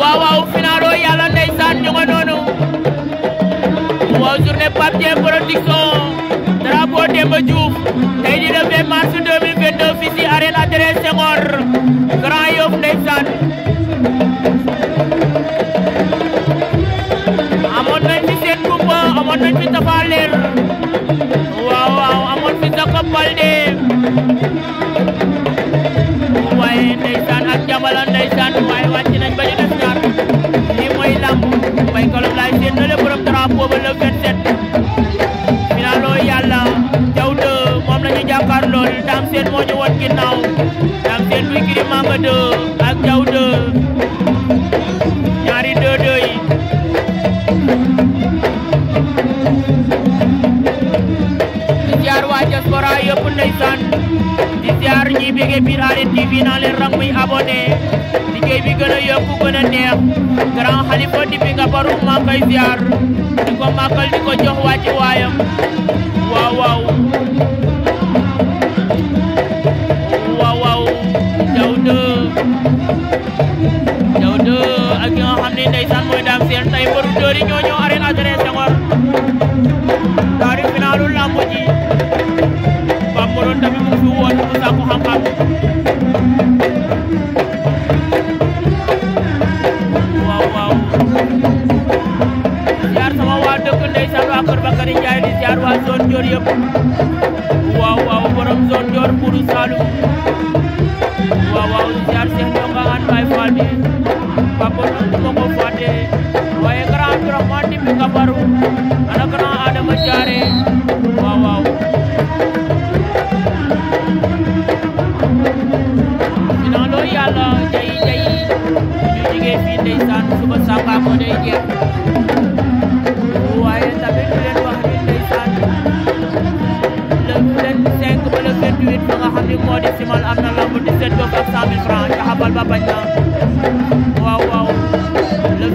waaw waaw finalo yàlla ndeysaan ñu nga noonu waaw journée Pape Dieng production drapeau Demba Diouf tey di le 20 mars 2022 fii ci arène Adrien Senghor Grand ndeysaan amoon nañ fi seen kumpa amoon nañ fi Tapha Leer amoon fi Jacob Baldé ginnaaw dam seen buy kiri Manga 2 ak Diaw 2 ñaari 2-2 yi di ziar waa diaspora yëpp ndeysaan di ziar ñi bëgge biir Arène TV naa leen rang muy abonné liggéey bi gën a yokku gën a neex grand xalifa di bi nga baru maa koy ziar di ko màggal di ko jox wàcci waayam waaw ñooñoo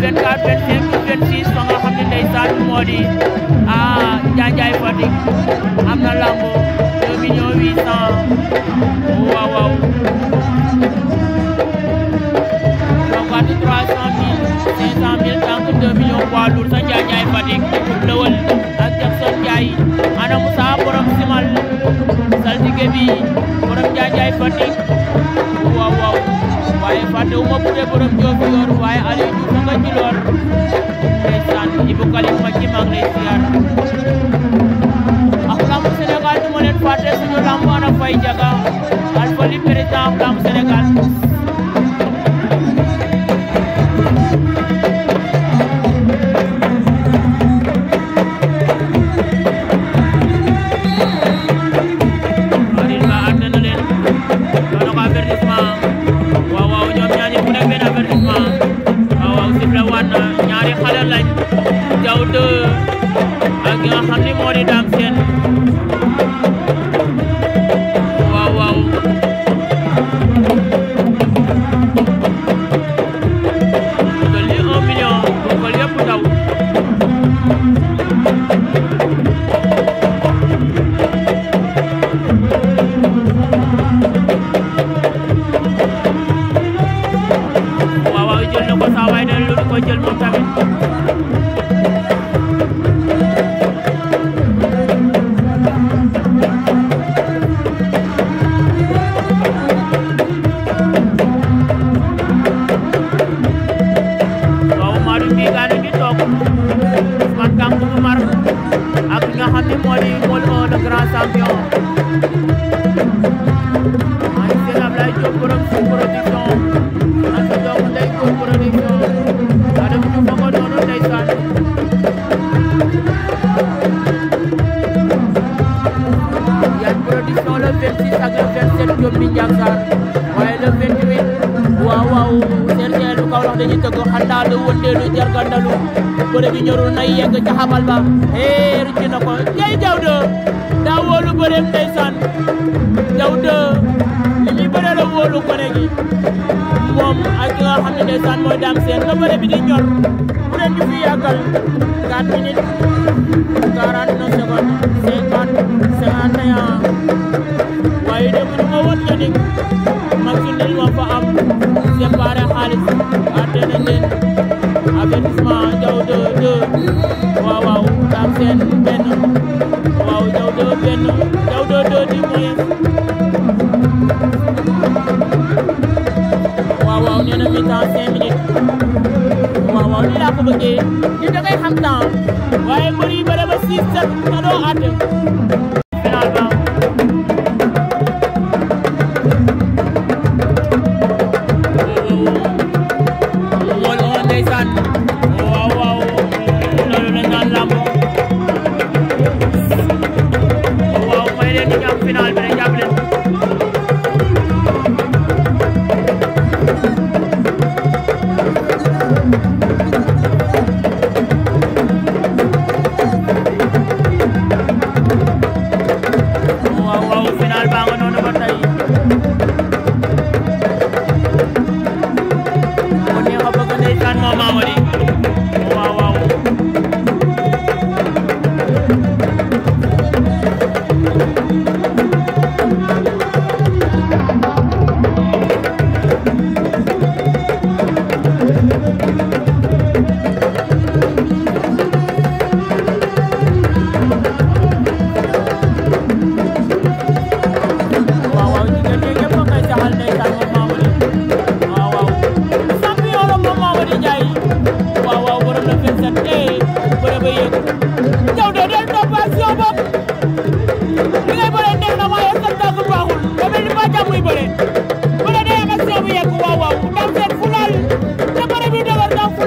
24 25 26 fa nga xam ne ndeysaan moo di a ah, Njanjaay Fatick am na lambo 2 millions 800 waaw waaw donc 300 mille 500 mille tànk 2 millions poids lourd sa Njanjaay Fatick lëwal ak Jackson Njaay ana Moussa borom simal saltige bi borom Njanjaay Fatick ñëw ma buggee borom Diofior waaye Aliou Diouf ma nga Djilor ndeysaan Ibou Kalim ma ci maa ngi lay ak lamb Sénégal du ma leen fàtte suñu lamb ana fay jaga Alpha li président lamb Sénégal waaw waaye dañ lu du ko jël moom tamit waaw Madou Mbigane ngi toog Ousmane Kangoutou Mar ak nga xam ne moo di Modou Lo le grand champion maa ngi seen Ablaye Diop borom suñu production xandaalu wëndeelu jargandalu bëre bi ñorul nay yegg ca xabal ba hee rëcc na ko ngay jaw de daa wóolu bëreem ndeysaan jaw de li ñuy bëre la wóolu gone a moom ak ki nga xam ne ndeysaan mooy daam seen nga bëre bi di ñor mu leen di fi yàggal 4 minutes 49 secondes 50 51 ko bëggee nit da ngay xam temps waaye mbër yi bëre ba six sept nga doo àtte finalement final bi rek jàpp leen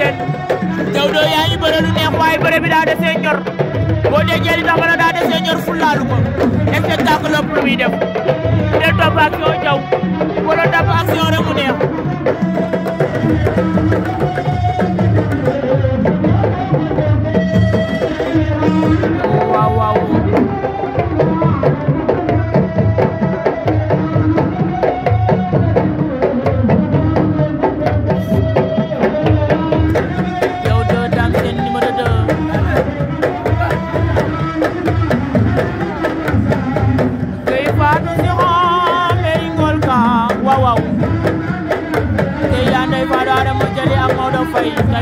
seen Diawdo yaa ngi bëre lu neex waaye bëre bi daa desee ñor boo déggee li tax ma ne daa desee ñor fulaalu ko spectacle la pour muy def del topp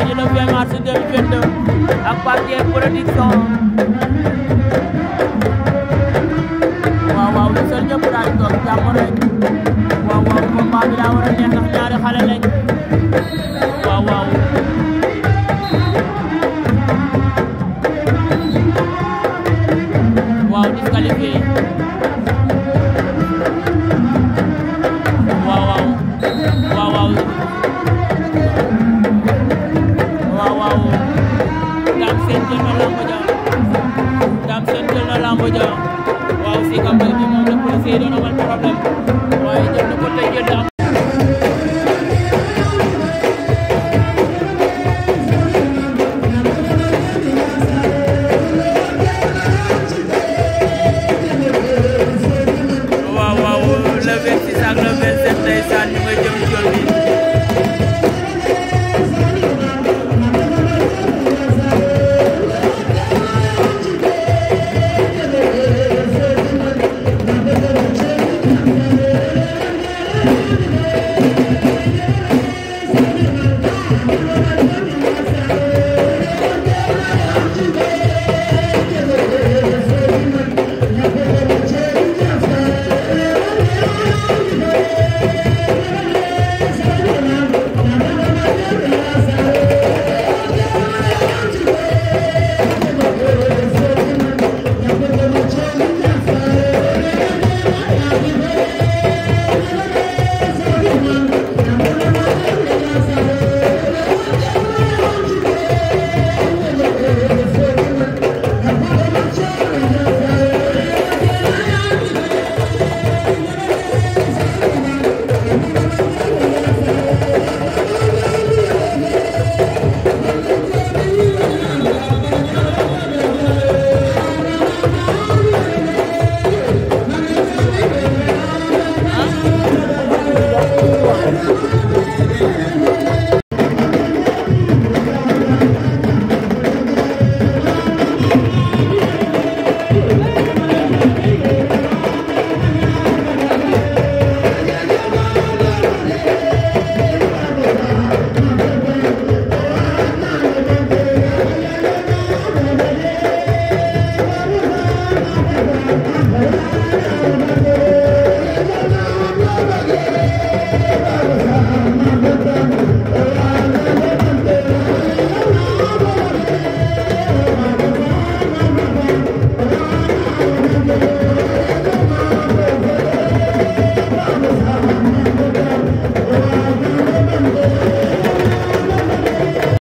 le 20 mars 2022 ak Pape Dieng production